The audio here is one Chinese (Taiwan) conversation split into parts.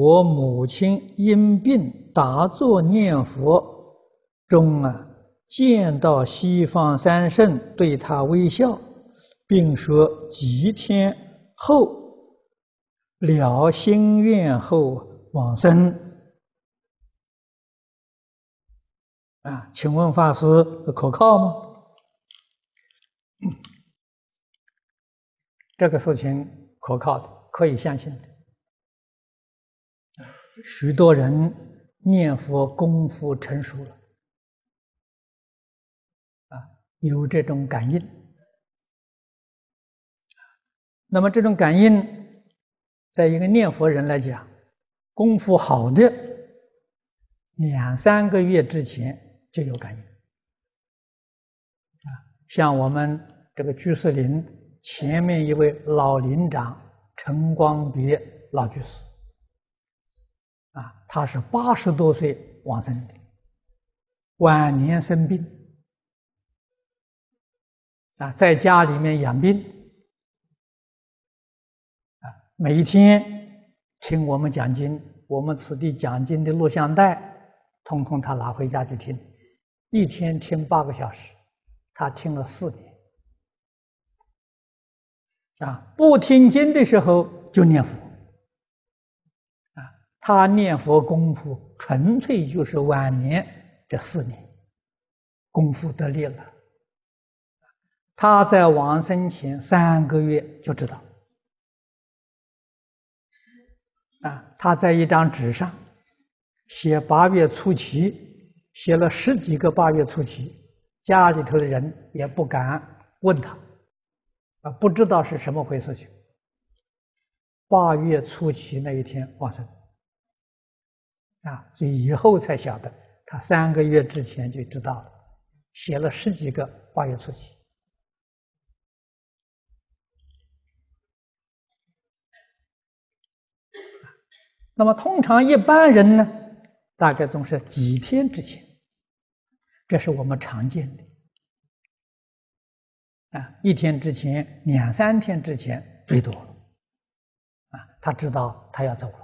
我母親因病打坐念佛中啊，見到西方三聖對她微笑，並說幾天後了心願後往生。啊，請問法師可靠嗎？這個事情可靠的，可以相信的。許多人念佛功夫成熟了，啊，有這種感應。那麼這種感應，在一個念佛人來講，功夫好的兩三個月之前就有感應。啊，像我們這個居士林前面一位老林長陳光別老居士。啊，他是八十多歲往生的，晚年生病，啊，在家裡面養病，啊，每一天聽我們講經，我們此地講經的錄像帶，統統他拿回家去聽，一天聽八個小時，他聽了四年，啊，不聽經的時候就念佛。他念佛功夫純粹就是晚年這四年功夫得力了。他在往生前三個月就知道，啊，他在一張紙上寫八月初七，寫了十幾個八月初七，家裡頭的人也不敢問他，啊，不知道是什麼回事情。八月初七那一天往生。啊，所以以後才曉得，他三個月之前就知道了，寫了十幾個八月初七。那麼通常一般人呢，大概總是幾天之前，這是我們常見的。啊，一天之前、兩三天之前最多了。啊，他知道他要走了。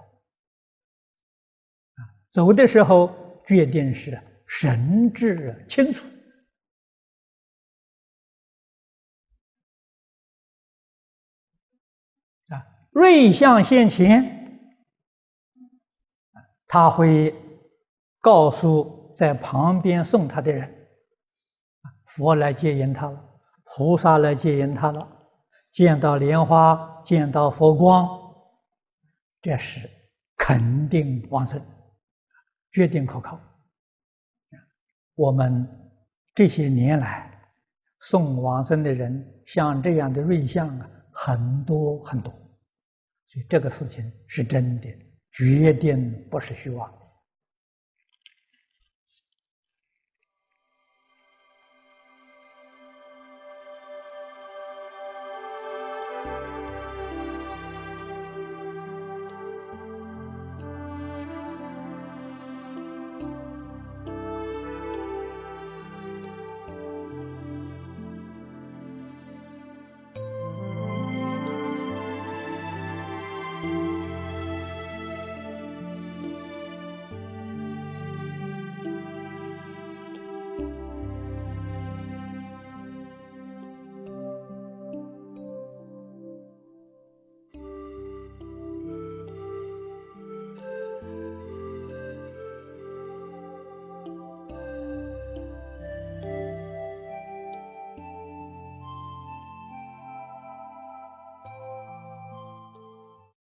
走的時候，決定是神智清楚啊，瑞相現前，他會告訴在旁邊送他的人：“佛來接引他了，菩薩來接引他了。”見到蓮花，見到佛光，這是肯定往生。決定可靠，我們這些年來送往生的人，像這樣的瑞相啊，很多很多，所以這個事情是真的，決定不是虛妄。